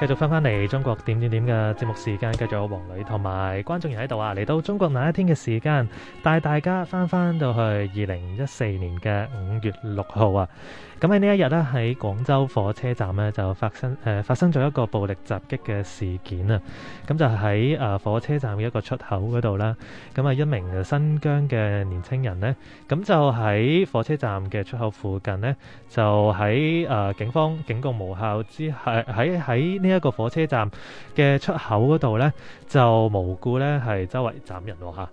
繼續翻返嚟中國點點點嘅節目時間繼續有王磊同埋觀眾員喺度啊！嚟到中國那一天嘅時間帶大家翻翻到去二零一四年嘅五月六號啊！咁喺呢一日咧，喺廣州火車站咧就發生誒、呃、發生咗一個暴力襲擊嘅事件啊！咁就喺誒、呃、火車站嘅一個出口嗰度啦，咁啊一名新疆嘅年青人咧，咁就喺火車站嘅出口附近咧，就喺、呃、警方警告無效之下喺喺呢。一、這個火車站嘅出口嗰度呢，就無故呢係周圍斬人吓、啊。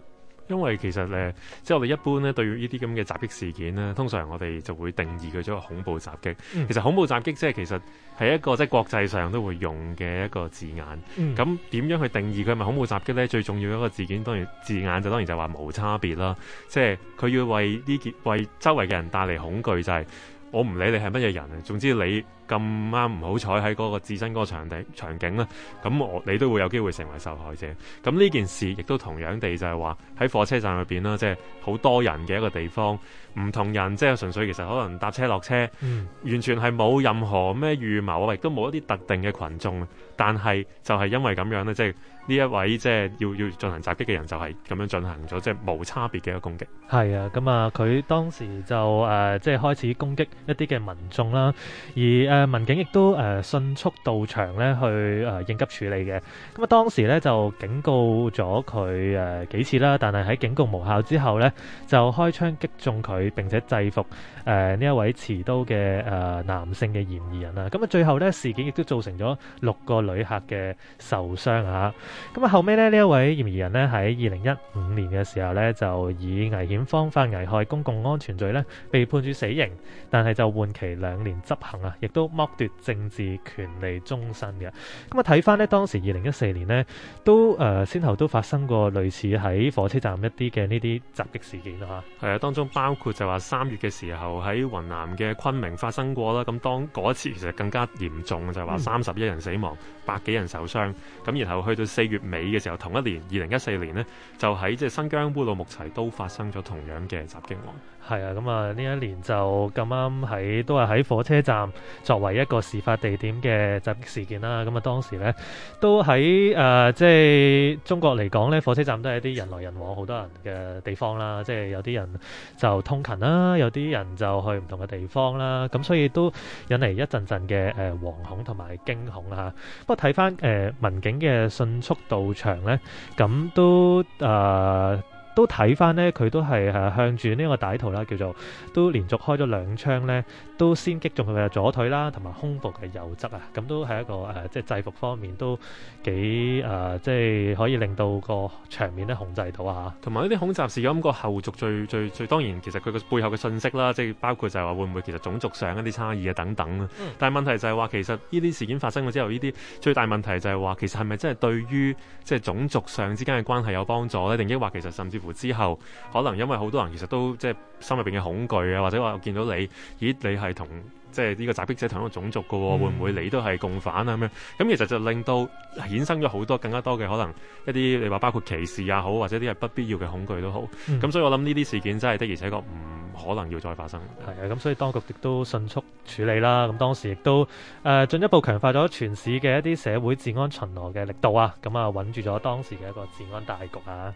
因為其實呢，即係我哋一般呢對於呢啲咁嘅襲擊事件呢，通常我哋就會定義佢做恐怖襲擊、嗯。其實恐怖襲擊即係其實係一個即係、就是、國際上都會用嘅一個字眼。咁、嗯、點樣去定義佢係咪恐怖襲擊呢？最重要的一個字件，當然字眼就當然就話冇差別啦。即係佢要為呢件為周圍嘅人帶嚟恐懼就係、是。我唔理你係乜嘢人啊，總之你咁啱唔好彩喺嗰個自身嗰個場地場景咧，咁我你都會有機會成為受害者。咁呢件事亦都同樣地就係話喺火車站入邊啦，即係好多人嘅一個地方，唔同人即係、就是、純粹其實可能搭車落車，完全係冇任何咩預謀啊，亦都冇一啲特定嘅群眾，但係就係因為咁樣咧，即係。呢一位即係要要進行襲擊嘅人就係咁樣進行咗即係無差別嘅一個攻擊。係啊，咁、嗯、啊，佢當時就、呃、即係開始攻擊一啲嘅民眾啦。而誒、呃、民警亦都誒、呃、迅速到場咧去誒、呃、應急處理嘅。咁、嗯、啊，當時咧就警告咗佢誒幾次啦，但係喺警告無效之後咧，就開槍擊中佢並且制服誒呢、呃、一位持刀嘅誒男性嘅嫌疑人啦、啊。咁、嗯、啊，最後咧事件亦都造成咗六個旅客嘅受傷嚇、啊。咁啊後尾呢呢一位嫌疑人呢，喺二零一五年嘅時候呢，就以危險方法危害公共安全罪呢，被判處死刑，但係就緩期兩年執行啊，亦都剝奪政治權利終身嘅。咁啊睇翻呢，當時二零一四年呢，都誒、呃、先後都發生過類似喺火車站一啲嘅呢啲襲擊事件啊，係啊，當中包括就話三月嘅時候喺雲南嘅昆明發生過啦，咁當嗰一次其實更加嚴重，就話三十一人死亡，嗯、百幾人受傷，咁然後去到四月尾嘅時候，同一年二零一四年咧，就喺即係新疆烏魯木齊都發生咗同樣嘅襲擊案。係啊，咁啊呢一年就咁啱喺都係喺火車站作為一個事發地點嘅襲擊事件啦。咁啊當時咧都喺誒、呃、即係中國嚟講咧火車站都係一啲人來人往好多人嘅地方啦。即係有啲人就通勤啦，有啲人就去唔同嘅地方啦。咁所以都引嚟一陣陣嘅誒惶恐同埋驚恐啦吓。不過睇翻誒民警嘅迅速。到場咧，咁都誒。呃都睇翻呢，佢都係係、啊、向住呢個歹徒啦、啊，叫做都連續開咗兩槍咧，都先擊中佢嘅左腿啦，同、啊、埋胸部嘅右側啊，咁、嗯、都係一個誒、啊，即係制服方面都幾誒、啊，即係可以令到個場面咧控制到啊。同埋呢啲恐襲事件咁個後續最最最，最當然其實佢個背後嘅信息啦，即係包括就係話會唔會其實種族上一啲差異啊等等啊、嗯。但係問題就係話其實呢啲事件發生咗之後，呢啲最大問題就係話其實係咪真係對於即係種族上之間嘅關係有幫助咧，定抑或其實甚至乎？之後可能因為好多人其實都即係心入邊嘅恐懼啊，或者話見到你咦，你係同即係呢、這個襲擊者同一個種族噶、啊嗯，會唔會你都係共犯啊？咁樣咁，其實就令到衍生咗好多更加多嘅可能一啲，你話包括歧視也好，或者啲係不必要嘅恐懼都好。咁、嗯、所以我諗呢啲事件真係的而且確唔可能要再發生、嗯。係啊，咁所以當局亦都迅速處理啦。咁當時亦都誒進、呃、一步強化咗全市嘅一啲社會治安巡邏嘅力度啊。咁啊穩住咗當時嘅一個治安大局啊。